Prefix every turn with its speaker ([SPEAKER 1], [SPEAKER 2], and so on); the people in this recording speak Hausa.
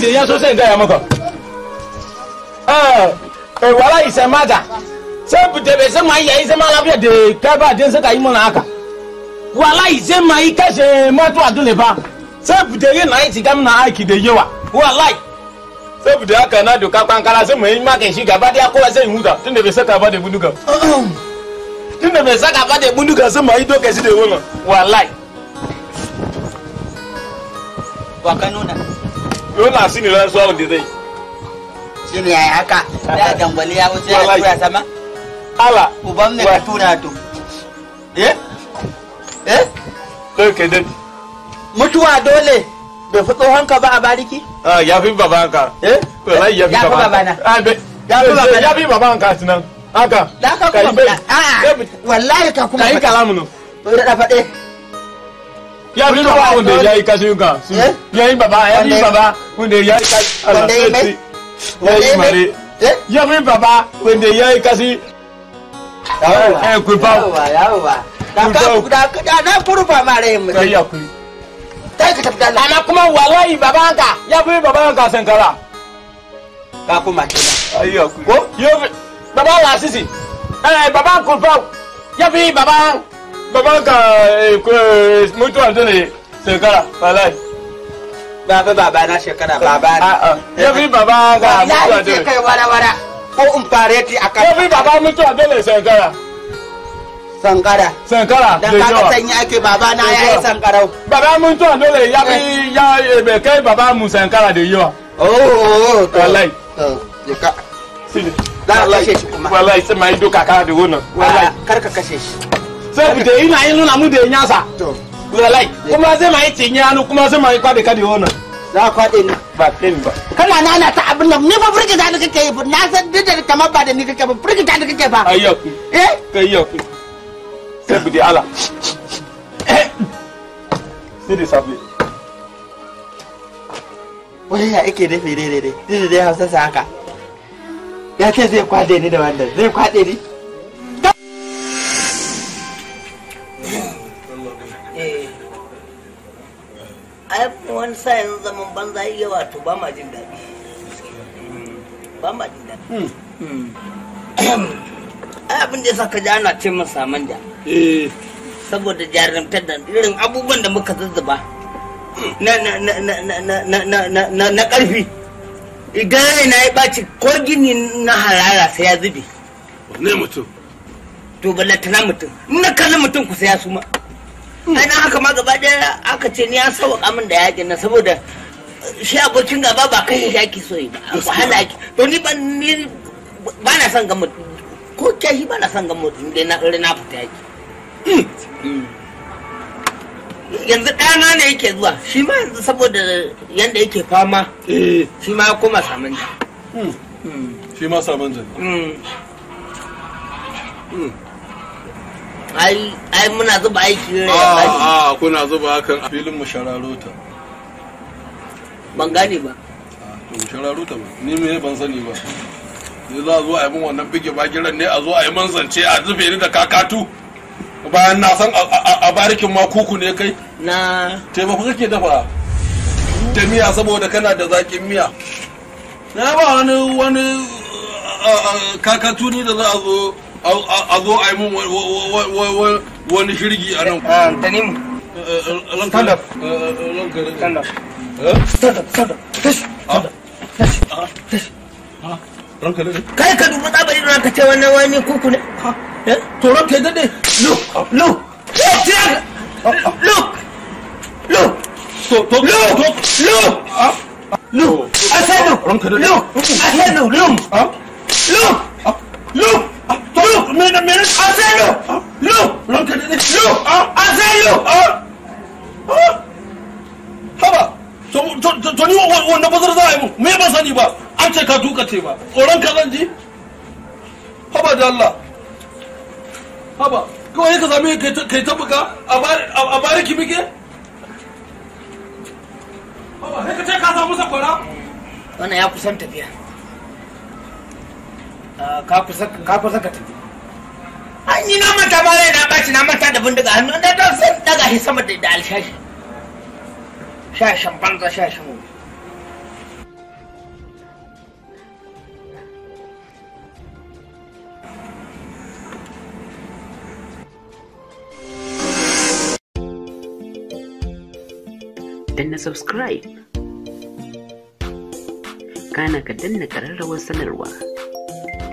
[SPEAKER 1] da ya so sai gaya maka eh wala isa mata sai bude be sai mai yayi sai mala be de ka ba din sai kai mona aka wala isa mai ka je mato adule ba sai bude ye nai ti gam na aiki de yewa wala sai bude aka na doka kwankara sai mai ma kan shi gaba da kowa sai huta tun da be saka ba da buduga tun de be saka ba da buduga sai mai doka shi da wona wala wa dole a sini ran suwa zai shi ne yaya ya wuce ya sama ala uban ne ka tuna to eh eh mutuwa dole bai fi tsohonka ba a bariki? Ah, ya fi babanka. Eh? ya fi ah, babana. Ya fi babanka tunan. Haka. Da ka kuma. Ah, wallahi ka kuma. Kai kalamu To da faɗe. ya bi baba wanda ya yi kashi ka ya yi baba ya yi baba wanda ya yi kashi ala sosai
[SPEAKER 2] ya yi mare
[SPEAKER 1] ya bi baba wanda ya yi kashi eh ku ba na kuru ba mare mu kai ya ku kai ka tafi dalla amma kuma wallahi baba ka ya bi baba ka sankara ka kuma kenan ayyo ko baba la sisi baba ku ba ya bi baba baban ka eh, eh, mutuwar ta ne shekara wallahi baba baba na shekara baba na ya fi baba ga mutuwar ta ne kai wara wara ko in fare ti akan ya fi baba mutuwa ta ne shekara sankara sankara da kaga sanyi ake baba na y'a yayi sankarau baba mutuwa dole ya fi eh. ya ebe kai baba mu sankara da yawa oh, oh, oh. wallahi ya ka sini da Allah shi kuma wallahi sai mai duka kana da wannan wallahi kar ka kashe shi saboda ina yin nuna mun da yin yasa lalai kuma zai ma yi cinye hannu kuma zai ma yi kwaɗe kaɗe wannan za ka kwaɗe ni ba ɗin ba kana nana ta abin nan ni ba firgita ni kake yi na san duk da kamar ba da ni kake ba firgita ni kake ba ayyaku eh kayyaku saboda Allah sai da safe wani ya ake dafe daidai dai dai hausa sa haka ya ce zai kwaɗe ni da wannan zai kwaɗe ni an sa yanzu zaman banza yawa to ba ma jin daɗi ba ma jin daɗi hmm. Hmm. ai abin da ya sa ka ji ana ce masa manja eh. saboda jarumtar da irin abubuwan da muka zazzaba na na na na na na na na karfi idan na ya ɓaci ko gini na halala sai ya zube ne mutum to na mutum na kallon mutum ku sai ya suma ai haka ma gaba daya aka ce ni an sawa min da yaƙin na saboda shi abokin gaba ba kai shi ake so yi ba wahala ki to ni ba ni ba na son gamu ko shi ba na son gamu in dai na na fita yaki mm. yanzu ɗana ne yake zuwa shi ma yanzu saboda yanda yake fama eh. shi ma ya koma samun hmm. mm. shi ma samun jin ai muna zuba aiki ne a ah, ah, kuna zuba kan filin mu shararuta ban gane ba ah, to shararuta ba ni me ban sani ba sai za a zo a yi min wannan bige bagiran ne a zo a yi manzance a zube ni da kakatu bayan na san a barikin ma kuku ne kai na taimako kake dafa ta miya saboda kana da zaƙin miya na ba wani wani kakatu ni da za a zo a zo a yi mun wani shirgi a nan kuma tanimu stand up stand up ah. ah. Ah. ka ce wannan wani kuku ne eh, to ranka ya dade look look look look look look look look I said no look look look look a minute. I'll tell you. Huh? No. Look at this. No. Huh? I'll tell you. Huh? Huh? Haba. To to ni wanda bazar za a yi oh, mu. Me ba sani ba. An ce ka duka ce ba. Tsoron ka zan ji. Haba da Allah. Haba. Kawai ka same kai ta buga a bariki muke? Haba, sai ka ce ka samu sakwara? Wannan ya kusan tafiya. Ah, ka kusa ka tafi. ni na mata ba na ɓaci na mata da bindiga hannu na ta san daga shi sama da da alshashi shashin banza shashin mu danna subscribe kana ka danna ƙararrawar sanarwa